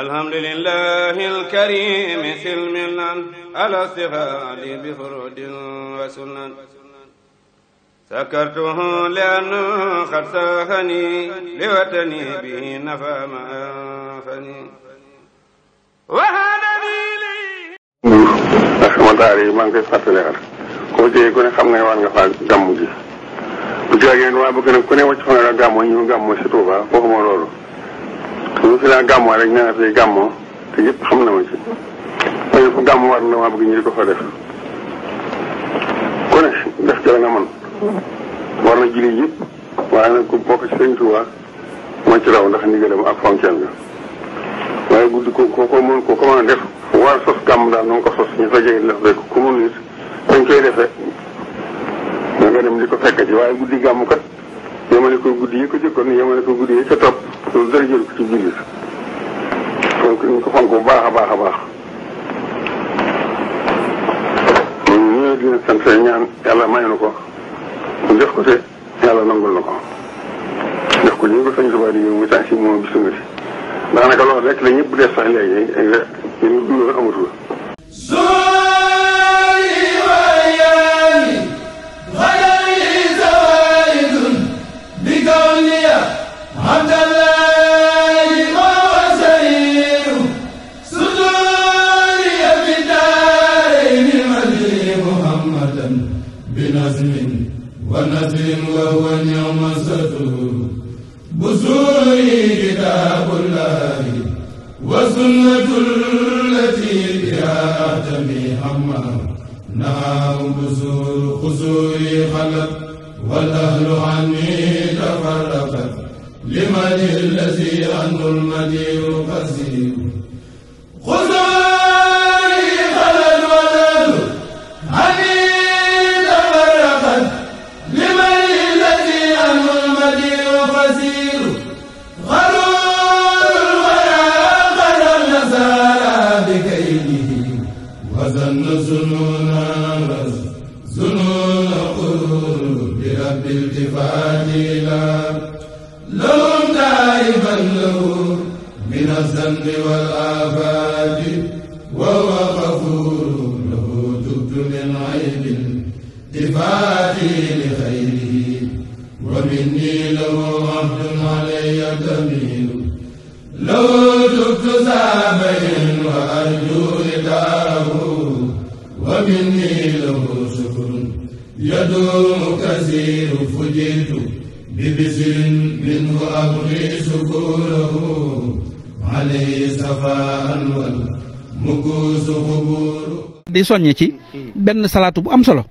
alhamdulillahi alkarimi silmilan alastifaad bifurud wa sunan sakartuhu lianna qad saahani liwatani bihi nafa ma anfani ndax sama daara yi koy fàttalekal koo jëyee ku ne xam nga ne war nga faa gàmmu ji bu jaagee waa bëgg nag ku ne wàcc nga gàmmu ñu gàmmu ñu fi laa gàmmoo rek nee na gàmmoo te yëpp xam na ma ci ma ne ko gàmm war na maa bëgg ñu di ko na julli yëpp waaye nag ku bokk ci sëñ Tuubaa moo ci raw ndax ndigalam ak fonction nga waaye guddi ko ko ko mën ko ko mën a def war sos gàmm daal noonu ko sos ñu fa jege def rek ku mën nit dañ koy defee da dem di ko fekk ci waaye guddi gàmm kat yemale ko guddi yi ko jëkkoon yemale ko guddi yi ca topp jël ko ci jullit ko fonk bu baax a baax a baax ñun ñoo dina sant ñaan yàlla may na ko mu jox ko te yàlla nangul na ko jox ko ñu ko sañ suba di yow mu tànk si moom bisu nga si daanaka loolu rek la ñëpp des sax léegi ñun loolu amatul نسيم وهو اليوم ستور بسوري كتاب الله وسنة التي بها أعتمي أما نعم بسور خسوري خلت والأهل عني تفرقت لمن الذي عنه المدير قسير خذ زنون قلوب برب التفاجيلا لهم دائما له من الذنب والآفات وهو غفور له تبت من عيب دفاتي لخيره ومني له عبد علي كبير لو تبت سابع وأرجو رداه ومني له يدوم كثير فجئت ببزر منه أبغي شكوره عليه صفاء والمكوس قبور di soññe ci benn salaatu bu am solo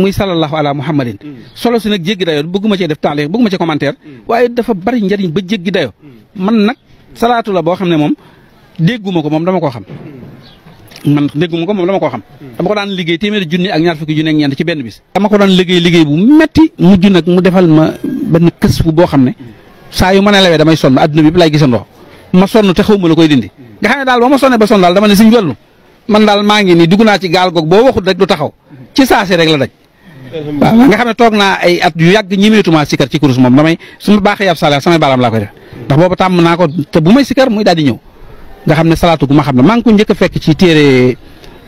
muy sallallahu ala muhammadin solo si nag jéggi dayoo bëgguma cee def temps bëgguma ci commentaire waaye dafa bari njariñ ba jéggi dayoo man nag salaatu la boo xam ne moom dégguma ko moom dama koo xam man dégguma ko moom dama ko xam dama ko daan liggéey téeméeri junni ak ñaar fukki junni ak ñeent ci benn bis dama ko daan liggéey liggéey bu metti mujj nag mu defal ma benn kës fu boo xam ne saa yu ma ne lawee ma sonn la koy dindi nga daal ba ma sonnee ba sonn daal dama ne suñ wàllu man daal maa ngi nii gaal goog boo waxut rek du la daj nga xam ne toog naa at yu yàgg ñimeetuma sikar ci kurus moom damay su ma baaxee ab sala samay baalaam laa koy def ndax boobu tàmm naa ko te bu may sikar muy daal di ñëw nga xam ne salaatu gu ma xam ne man ngi ko njëkk a fekk ci téere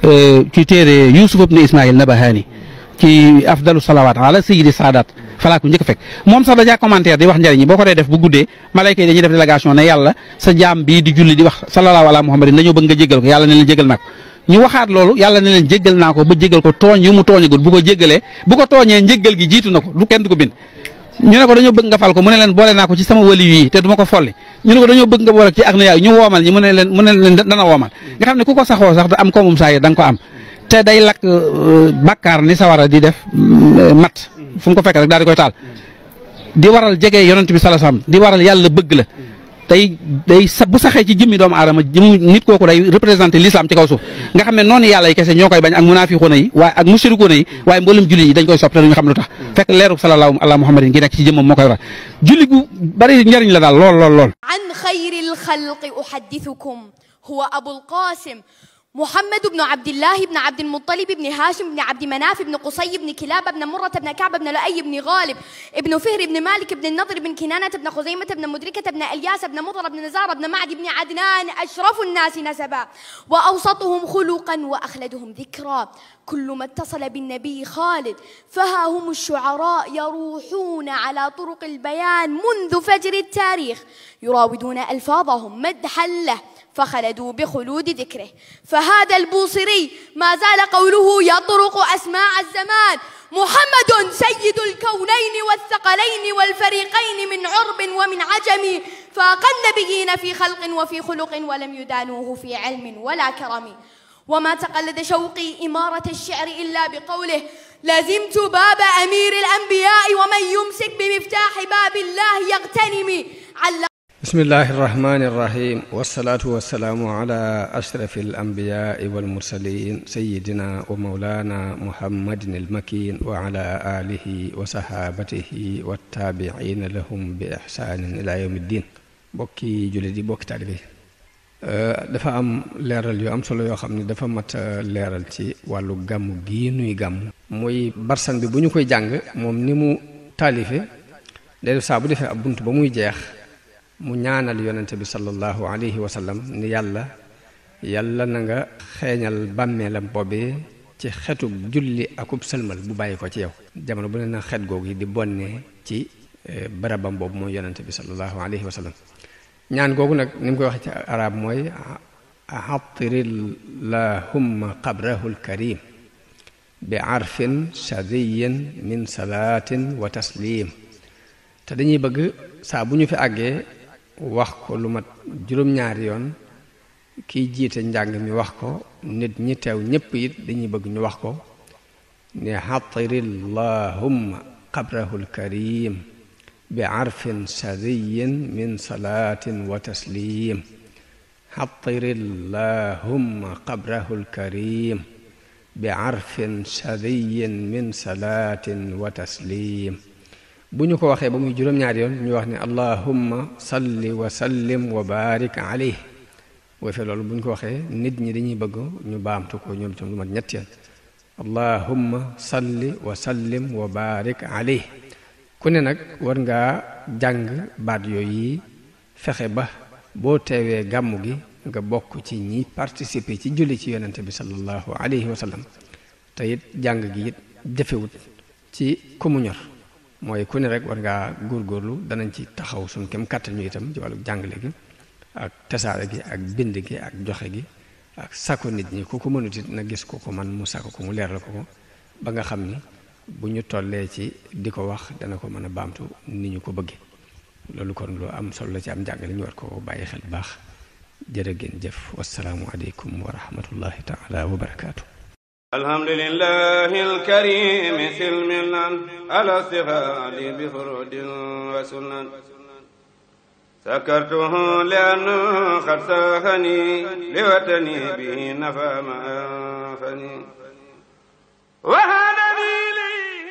euh, ci téere Youssouf ibn Ismaïl Nabahani ci afdalu salawaat ala sayyidi saadaat falaa ko njëkk a fekk moom sax dajaa commentaire di wax njëriñ boo ko dee def bu guddee malayka yi dañuy def délégation ne yàlla sa jaam bi di julli di wax sallallahu ala muhammadin dañoo bëgg nga jégal ko yàlla ne leen jégal naa ko ñu waxaat loolu yàlla ne leen jégal naa ko ba jégal ko tooñ yu mu tooñagul bu ko jégalee bu ko tooñee njégal gi jiitu na ko du kenn du ko bind ñu ne ko dañoo bëgg nga fal ko mu ne leen boole naa ko ci sama wali yi te duma ko folli ñu ne ko dañoo bëgg nga boole ci ak na yaay ñu woomal ñi mu ne leen dana woomal nga xam ne ku ko saxoo sax da am ko moom saa yi da nga ko am te day lakk euh, bàkkaar ni sawara di def euh, mat fu ko fekk rek daal di koy taal di waral jege yonent bi sallallahu di waral yàlla bëgg la day day sa bu saxee ci jëmmi doomu aadama jëmm nit kooku day représenté l'islam ci kaw suuf nga xam ne noonu yàlla yi kese ñoo koy bañ ak munaafiqoona yi waaye ak mushrikoona yi waaye mboolem julli yi dañ koy sopp te duñu xam lu tax fekk leeru sallallahu ala muhammadin gi nekk ci jëmmam moo koy waral julli gu bari njariñ la daal lool lool lool an xayril xalqi uhaddithukum huwa abul qasim محمد بن عبد الله بن عبد المطلب بن هاشم بن عبد مناف بن قصي بن كلاب بن مرة بن كعب بن لؤي بن غالب بن فهر بن مالك بن النضر بن كنانة بن خزيمة بن مدركة بن إلياس بن مضر بن نزار بن معد بن عدنان أشرف الناس نسبا وأوسطهم خلقا وأخلدهم ذكرا كل ما اتصل بالنبي خالد فها هم الشعراء يروحون على طرق البيان منذ فجر التاريخ يراودون ألفاظهم مدحا له فخلدوا بخلود ذكره فهذا البوصيري ما زال قوله يطرق أسماع الزمان محمد سيد الكونين والثقلين والفريقين من عرب ومن عجم فأقل نبيين في خلق وفي خلق ولم يدانوه في علم ولا كرم وما تقلد شوقي إمارة الشعر إلا بقوله لزمت باب أمير الأنبياء ومن يمسك بمفتاح باب الله يغتنم bismillahi irrahmani irrahim wasalaatu wasalaamu ala ashrafi alambiyaai walmursalin sayidina wa maulana muhammadin almakin wa ala alihi wa sahaabatihi wattaabiciina lahum eh, dafa am leeral yu am solo yoo xam ni dafa mat eh, leeral ci wàllu gàmm gii nuy gàmm barsan bi bu ñu koy jàng moom ni mu taalife day def saa bu defee ab bunt ba muy jeex mu ñaanal yonente bi sallallahu alayhi wa sallam ni yàlla yàlla na nga xeeñal bàmmeelam boobee ci xetub julli akub sëlmal bu bàyyi ko ci yow jamono bu ne na xet googu yi di bonnee ci eh, barabam boobu mooy yonente bi sallallahu alayhi wa sallam ñaan googu nag ni mu koy waxee ci araab mooy xatirillahumma qabrahul karim bi arfin shadiyin min salaatin wa taslim te dañuy bëgg saa bu ñu fi àggee wax ko lu mat juróom-ñaari yoon kiy jiite njàng mi wax ko nit ñi teew ñépp it dañuy bëgg ñu wax ko ne xatirillahumma qabrahul karim bi arfin sariyin min salaatin wa taslim xatirillahumma qabrahul karim bi arfin sariyin min salaatin wa taslim bu ñu ko waxee ba muy juróom-ñaari yoon ñu wax ni allahumma salli wa sallim wa barik alayhi boo fee loolu bu ñu ko waxee nit ñi dañuy bëgg ñu baamtu ko ñoom itam lu mat ñetti yoon allahumma salli wa sallim wa barik alayhi ku ne nag war ngaa jàng baat yooyu fexe ba boo teewee gàmmu gi nga bokk ci ñi participer ci julli ci yonente bi sallallahu alayhi wa sallam te jàng gi it jëfewut ci ku mooy ku ne rek war ngaa góorgóorlu danañ ci taxaw suñ kem kàttan ñu itam ci wàllu jàngale gi ak tasaare gi ak bind gi ak joxe gi ak sako nit ñi ko ko mënut it na gis ko ko man mu sako ko mu leer la ko ko ba nga xam ni bu ñu tollee ci di ko wax dana ko mën a baamtu ni ñu ko bëggee loolu kon lu am solo la ci am jàngale ñu war ko bàyyi xel baax jërë ngeen jëf wasalaamualeykum wa rahmatullahi taala wa barakaatu. الحمد لله الكريم سلمنا على استغال بفرود وسنن سكرته لأنه قد ساخني لوطني به نفى ما أنفني وهذا